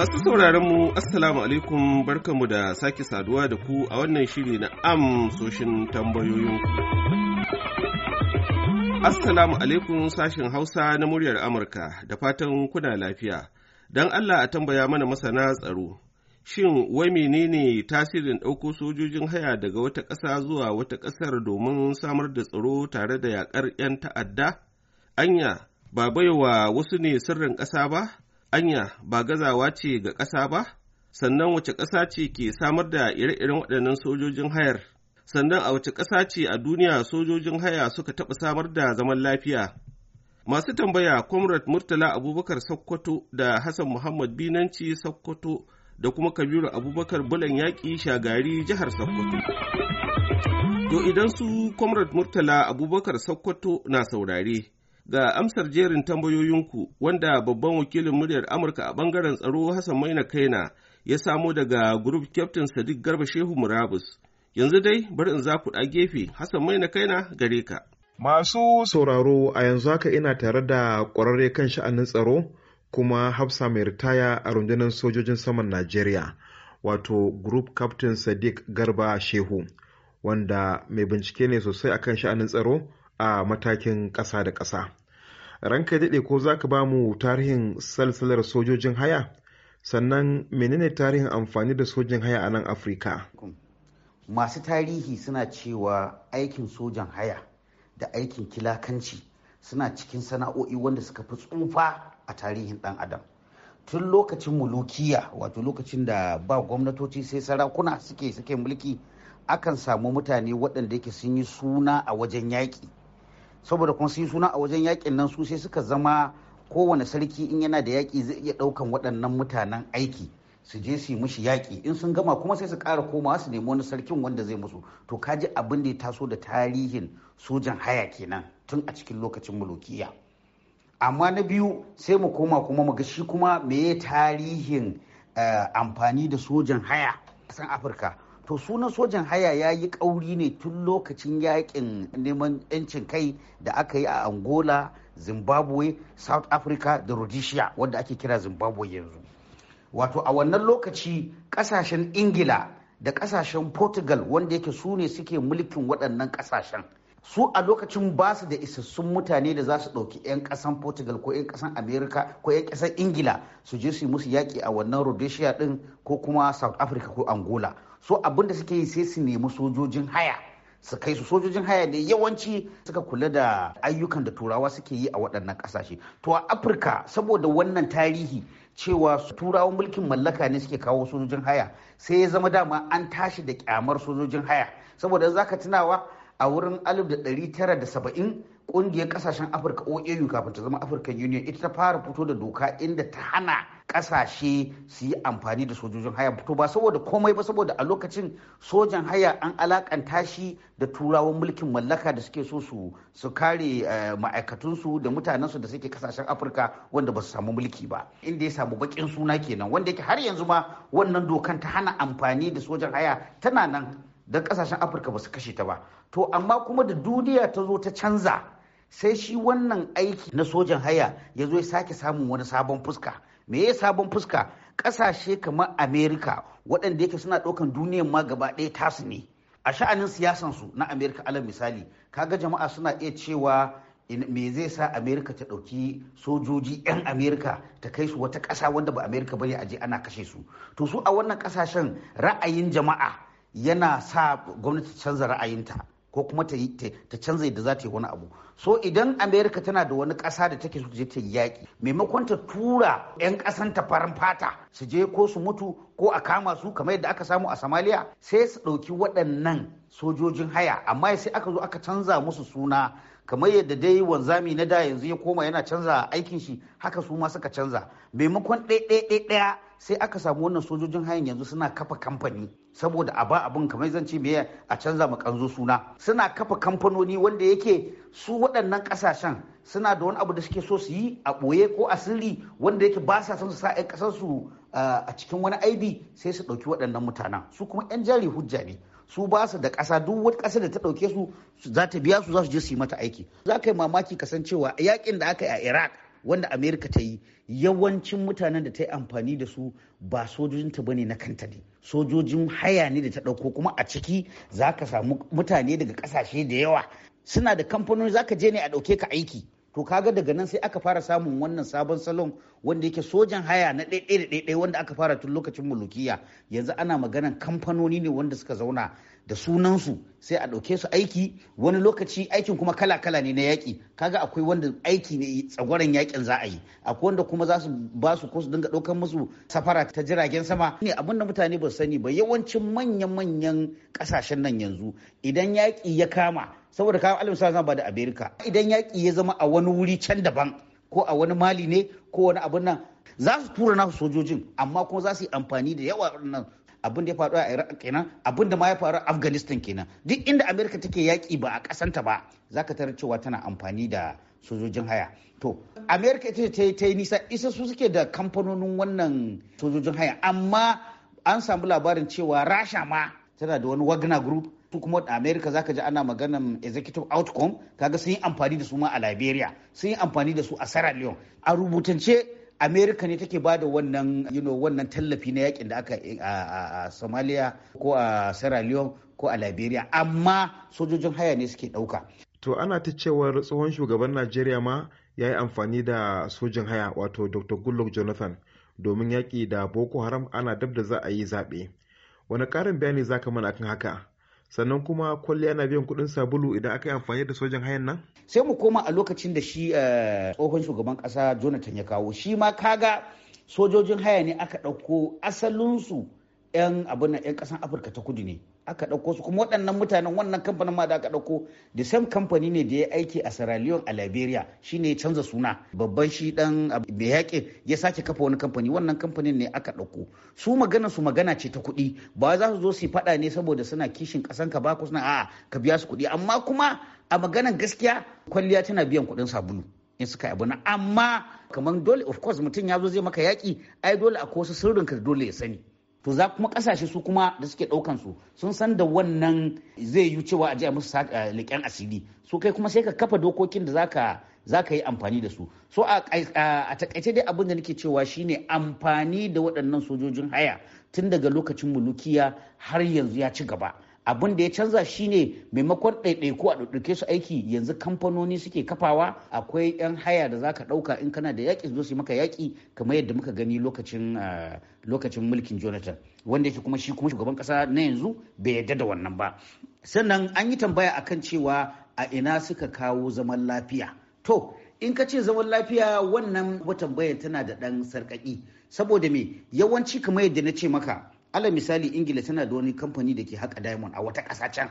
Masu sauraron mu Assalamu alaikum barkanmu da sake saduwa da ku a wannan shiri na amsoshin tambayoyin Assalamu alaikum sashin Hausa na muryar Amurka da fatan kuna lafiya. Don Allah a tambaya mana masana tsaro. Shin wai menene tasirin ɗauko sojojin haya daga wata ƙasa zuwa wata ƙasar domin samar da tsaro tare da yaƙar 'yan ta'adda? Anya, ba baiwa wasu ne sirrin ƙasa ba? anya ba gazawa ce ga ƙasa ba? Sannan wace ƙasa ce ke samar da ire-iren waɗannan sojojin hayar? Sannan a wace ƙasa ce a duniya sojojin haya suka taɓa samar da zaman lafiya? Masu tambaya Comrade Murtala Abubakar Sokoto da Hassan Muhammad Binanci Sokoto da kuma Kabiru Abubakar Bulan Yaƙi Shagari jihar Sokoto. To idan su Comrade Murtala Abubakar Sokoto na saurare, ga amsar jerin tambayoyinku wanda babban wakilin muryar Amurka a bangaren tsaro Hassan Maina Kaina ya samo daga Group Captain Sadiq Garba Shehu Murabus. Yanzu dai bari in za ku ɗa gefe Hassan Maina Kaina gare ka. Masu sauraro a yanzu haka ina tare da ƙwararre kan sha'anin tsaro kuma hafsa mai ritaya a rundunar sojojin saman Najeriya wato Group Captain Sadiq Garba Shehu wanda mai bincike ne sosai akan sha'anin tsaro a matakin ƙasa da ƙasa. Ranka daɗe ko za ka ba mu tarihin salsalar sojojin haya? Sannan menene tarihin amfani da sojin haya a nan Afrika? Masu tarihi suna cewa aikin sojan haya da aikin kilakanci suna cikin sana'o'i wanda suka fi tsufa a tarihin ɗan adam. Tun lokacin mulukiya wato lokacin da ba gwamnatoci sai sarakuna suke suke mulki akan samu mutane waɗanda yake sun yi suna a wajen yaƙi. saboda kuma sun suna a wajen yakin nan su sai suka zama kowane sarki in yana da yaki zai iya ɗaukan waɗannan mutanen aiki su je su yi mushi yaki in sun gama kuma sai su ƙara komawa su nemi wani sarkin wanda zai musu to ka ji abin da ya taso da tarihin sojan haya kenan tun a cikin lokacin mulukiya amma na biyu sai mu koma kuma mu ga shi kuma meye tarihin eh, amfani da sojan haya a san afirka to sunan sojan haya ya yi kauri ne tun lokacin yakin neman 'yancin kai da aka yi a angola zimbabwe south africa da rhodesia wanda ake kira zimbabwe yanzu wato a wannan lokaci ƙasashen ingila da ƙasashen portugal wanda yake su ne suke mulkin waɗannan ƙasashen su a lokacin ba su da isassun mutane da za su ɗauki 'yan ƙasan portugal ko 'yan ƙasan america ko 'yan ƙasan ingila su je su yi musu yaƙi a wannan rhodesia ɗin ko kuma south africa ko angola so abin da suke yi sai su nemi sojojin haya su kai su sojojin haya ne yawanci suka kula da ayyukan da turawa suke yi a waɗannan ƙasashe to a afirka saboda wannan tarihi cewa turawan mulkin mallaka ne suke kawo sojojin haya sai ya zama dama an tashi da kyamar sojojin haya saboda za ka tunawa a wurin alif da da tara saba'in. ƙungiyar ƙasashen Afirka OAU kafin ta zama African Union ita ta fara fito da doka inda ta hana kasashe su yi amfani da sojojin haya fito ba saboda komai ba saboda a lokacin sojan haya an alakanta shi da turawan mulkin mallaka da suke so su su kare eh, ma'aikatunsu da mutanensu da suke kasashen afirka wanda ba su samu mulki ba inda ya samu bakin suna kenan wanda yake har yanzu ma wannan dokan ta hana amfani da sojan haya tana nan don kasashen afirka ba su kashe ta ba to amma kuma da duniya ta zo ta canza sai shi wannan aiki na sojan haya ya zo ya sake samun wani sabon fuska me ya sabon fuska ƙasashe kamar amerika waɗanda yake suna ɗaukan duniyan ma gaba ɗaya tasu ne a sha'anin siyasansu na amerika alal misali kaga jama'a suna iya cewa me zai sa amerika ta ɗauki sojoji 'yan amerika ta kai su wata ƙasa wanda ba amerika bane a je ana kashe su to su a wannan ƙasashen ra'ayin jama'a yana sa gwamnati canza ra'ayinta ko kuma ta canza yadda za ta yi wani abu so idan amerika tana da wani ƙasa da take so je ta yaƙi maimakon ta tura 'yan ƙasan ta farin fata su je ko su mutu ko a kama su kamar yadda aka samu a somalia sai su ɗauki waɗannan sojojin haya amma sai aka zo aka canza musu suna kamar yadda dai wanzami na da yanzu ya koma yana canza aikin shi haka su ma suka canza maimakon ɗaya ɗaya ɗaya sai aka samu wannan sojojin hayan yanzu suna kafa kamfani saboda a ba abin kamar zan ce me a canza mu kanzo suna suna kafa kamfanoni wanda yake su waɗannan ƙasashen suna da wani abu da suke so su yi a ɓoye ko a sirri wanda yake ba sa son su sa 'yan ƙasar su a cikin wani aibi sai su ɗauki waɗannan mutanen su kuma 'yan jari hujja ne su ba su da ƙasa duk wata ƙasa da ta ɗauke su za ta biya su za su je su yi mata aiki za ka yi mamaki kasancewa yakin da aka yi a iraq wanda amerika ta yi yawancin mutanen da ta yi amfani da su ba sojojinta bane na kanta ne sojojin haya ne da ta ɗauko kuma a ciki za ka samu mutane daga ƙasashe da yawa suna da kamfanoni za ka je ne a ɗauke ka aiki to kaga daga nan sai aka fara samun wannan sabon salon wanda yake sojan haya na ɗaiɗai da ɗaiɗai wanda aka fara tun lokacin mulukiya yanzu ana maganan kamfanoni ne wanda suka zauna da sunansu sai a ɗauke su aiki wani lokaci aikin kuma kala-kala ne na yaƙi kaga akwai wanda aiki ne tsagwaron yaƙin za a yi akwai wanda kuma za su ba su ko dinga ɗaukar musu safara ta jiragen sama ne abin da mutane ba sani ba yawancin manyan-manyan ƙasashen nan yanzu idan yaƙi ya kama saboda kawo alim sa ba da america idan yaƙi ya zama a wani wuri can daban ko a wani mali ne ko wani abin nan za su tura nasu sojojin amma kuma za su yi amfani da yawa nan abin da ya faru a iraq kenan abin da ma ya faru a afghanistan kenan duk inda amerika take yaki ba a kasanta ba zaka tarar cewa tana amfani da sojojin haya to amerika ita ce ta yi nisa isa su suke da kamfanonin wannan sojojin haya amma an samu labarin cewa rasha ma tana da wani wagner group su kuma da america ka ji ana maganan executive outcome kaga sun yi amfani da su ma a liberia sun yi amfani da su a sierra leone a rubutance america ne take ba da wannan you know, wannan tallafi na yakin da aka eh, a somalia ko a sierra leone ko a liberia amma sojojin haya ne suke ɗauka to ana ta cewar tsohon shugaban najeriya ma ya yi amfani da sojin haya wato dr goodluck jonathan domin yaki da boko haram ana dab da za a yi zaɓe wani ƙarin bayani za ka mana akan haka sannan kuma kwalliya na biyan kuɗin sabulu idan aka yi amfani da sojan hayan nan? Sai mu koma a lokacin da shi eh, tsohon shugaban ƙasa Jonathan ya kawo shi ma kaga sojojin haya ne aka ɗauko asalinsu 'yan abin 'yan ƙasan Afirka ta kudu ne. aka ɗauko su kuma waɗannan mutanen wannan kamfanin ma da aka ɗauko the same company ne da ya aiki a Sierra Leone a Liberia shine ya canza suna babban shi dan mai yaƙin ya sake kafa wani kamfani wannan kamfanin ne aka ɗauko su magana su magana ce ta kuɗi ba za su zo su yi faɗa ne saboda suna kishin ƙasan ka ba ku suna a'a ka biya su kuɗi amma kuma a maganan gaskiya kwalliya tana biyan kuɗin sabulu in suka yi abu na amma kamar dole of course mutum ya zo zai maka yaƙi ai dole a wasu sirrinka dole ya sani to za kuma kasashe su kuma da suke daukan su sun san da wannan zai yi cewa a je a musu eh, leƙen asiri su kai kuma sai ka kafa dokokin da zaka zaka yi amfani da su so a takaice dai abin da nake cewa shine amfani da waɗannan sojojin haya tun daga lokacin mulukiya har yanzu ya ci gaba abin da ya canza shine maimakon ɗaiɗaiku a ɗauke su aiki yanzu kamfanoni suke kafawa akwai 'yan haya da zaka ɗauka in kana da yaƙi zo su maka yaƙi kamar yadda muka gani ah, lokacin mulkin jonathan wanda yake kuma shi kuma shugaban ƙasa na yanzu bai yadda da wannan ba sannan an yi tambaya akan cewa a ina suka kawo zaman lafiya to in ka ce zaman lafiya wannan watan tambaya tana da ɗan sarƙaƙi saboda me yawanci kamar yadda na ce maka ala misali ingila tana da wani kamfani da ke haka diamond a wata ƙasa can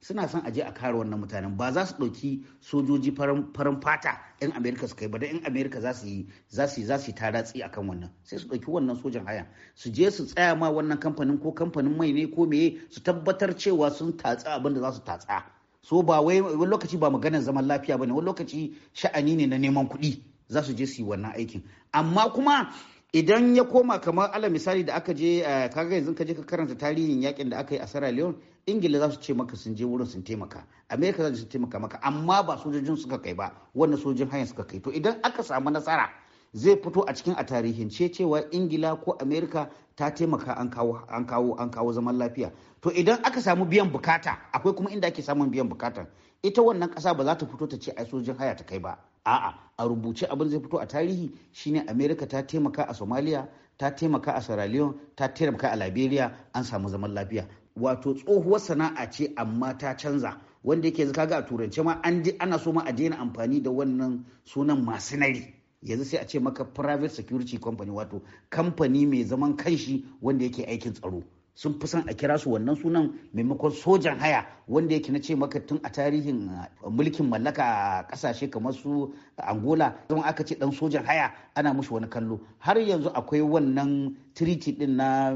suna son aje a kare wannan mutanen ba za su ɗauki sojoji farin fata 'yan amerika su kai ba da 'yan amerika za su yi za su yi za su akan wannan sai su ɗauki wannan sojan haya su je su tsaya ma wannan kamfanin ko kamfanin mai ne ko meye su tabbatar cewa sun tatsa abin da za su tatsa so ba wai wani lokaci ba maganar zaman lafiya ba ne wani lokaci sha'ani ne na neman kuɗi za su je su yi wannan aikin amma kuma idan ya koma kamar ala misali da aka je eh, kaga yanzu ka je ka karanta tarihin yakin da aka yi a Sierra Leone Ingila za su ce maka sun je wurin sun taimaka Amerika za su taimaka maka amma ba sojojin suka kai ba wannan sojojin hanyar suka kai to idan aka samu nasara zai fito a cikin a tarihin ce cewa Ingila ko Amerika ta taimaka an kawo an kawo zaman lafiya to idan aka samu biyan bukata akwai kuma inda ake samun biyan bukata ita wannan kasa ba za ta fito ta ce ai sojojin haya ta kai ba a'a a rubuce abin zai fito a tarihi shine america ta taimaka a somalia ta taimaka a sierra leone ta taimaka a liberia an samu zaman lafiya wato tsohuwar sana'a ce amma ta canza wanda yake yanzu kaga a turance ma an ji ana so ma a daina amfani da wannan sunan masinari yanzu sai a ce maka private security company wato kamfani mai zaman kanshi wanda yake aikin tsaro sun fi son a kira su wannan sunan maimakon sojan haya wanda yake na ce maka tun a tarihin uh, mulkin mallaka a kasashe kamar su angola don aka ce dan sojan haya ana mushi wani kallo har yanzu akwai wannan treaty din na,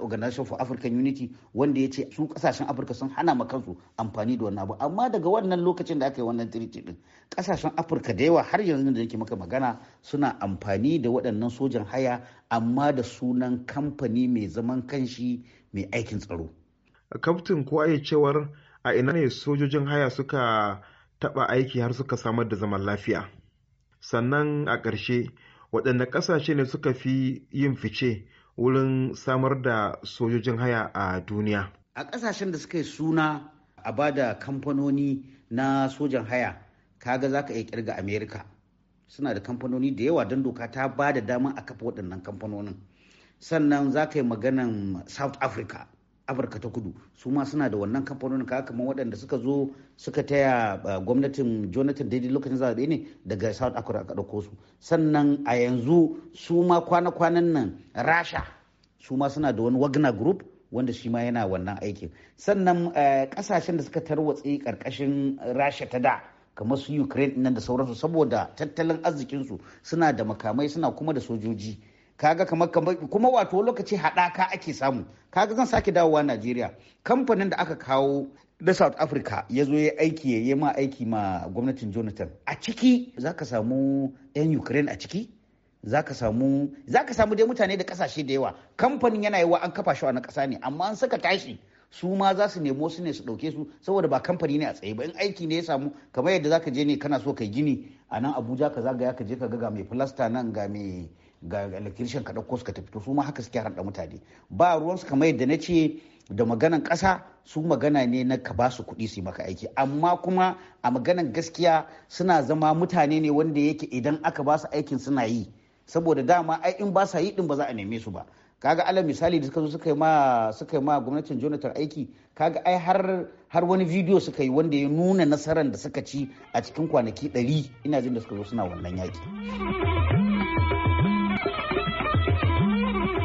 organization for african unity wanda ya ce su kasashen afirka sun hana ma kansu amfani da wannan abu amma daga wannan lokacin da aka yi wannan treaty din kasashen afirka da yawa har yanzu da yake maka magana suna amfani da waɗannan sojan haya amma da sunan kamfani mai zaman kanshi mai aikin tsaro kaftin ko ya cewar a ina ne sojojin haya suka taɓa aiki har suka samar da zaman lafiya sannan a ƙarshe waɗanne ƙasashe ne suka fi yin fice wurin samar da sojojin haya a duniya a ƙasashen da suka yi suna a bada kamfanoni na sojan haya kaga za ka iya kirga amerika suna da kamfanoni da yawa don doka ta ba da dama a kafa waɗannan kamfanonin sannan za ka yi maganan south africa afirka ta kudu su ma suna da wannan kamfanonin ka kamar waɗanda suka zo suka taya gwamnatin jonathan daidai lokacin zaɓe ne daga south africa ka ɗauko su sannan a yanzu su ma kwana-kwanan nan rasha su ma suna da wani wagner group wanda shi ma yana wannan aikin sannan eh, ƙasashen da suka tarwatse ƙarƙashin rasha ta da kamar su ukraine nan da sauransu saboda tattalin arzikinsu suna da makamai suna kuma da sojoji kaga kamar kamar kuma wato lokaci haɗaka ake samu kaga zan sake dawowa najeriya kamfanin da aka kawo da south africa ya zo ya aiki ya yi ma aiki ma gwamnatin jonathan a ciki za ka samu 'yan ukraine a ciki za ka samu dai mutane da kasashe da yawa kamfanin yana wa an kafa shi a na kasa ne amma an saka tashi su ma za su nemo su ne su ɗauke su saboda ba kamfani ne a tsaye ba in aiki ne ya samu kamar yadda za ka je ne kana so kai gini a nan abuja ka zagaya ka je ka ga ga mai filasta nan ga mai ga electrician ka ɗauko suka tafi to su ma haka suke harɗa mutane ba ruwansu kamar yadda na ce da maganan kasa su magana ne na ka ba su kuɗi su yi maka aiki amma kuma a maganan gaskiya suna zama mutane ne wanda yake idan aka basu aikin suna yi saboda dama ai in ba sa yi din ba za a neme su ba kaga alal misali da suka suka yi ma suka gwamnatin Jonathan aiki kaga ai har har wani bidiyo suka yi wanda ya nuna nasarar da suka ci a cikin kwanaki 100 ina jin da suka zo suna wannan yaki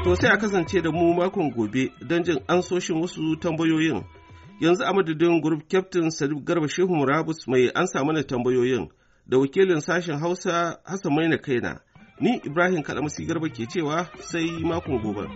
To sai a kasance da mu makon gobe don jin ansoshin wasu tambayoyin. Yanzu a madadin Group Captain Salif Garba Shehu Murabus mai ansa mana tambayoyin da wakilin sashen Hausa Hassan Maina Kaina. Ni Ibrahim Kaɗa Garba ke cewa sai makon gobe.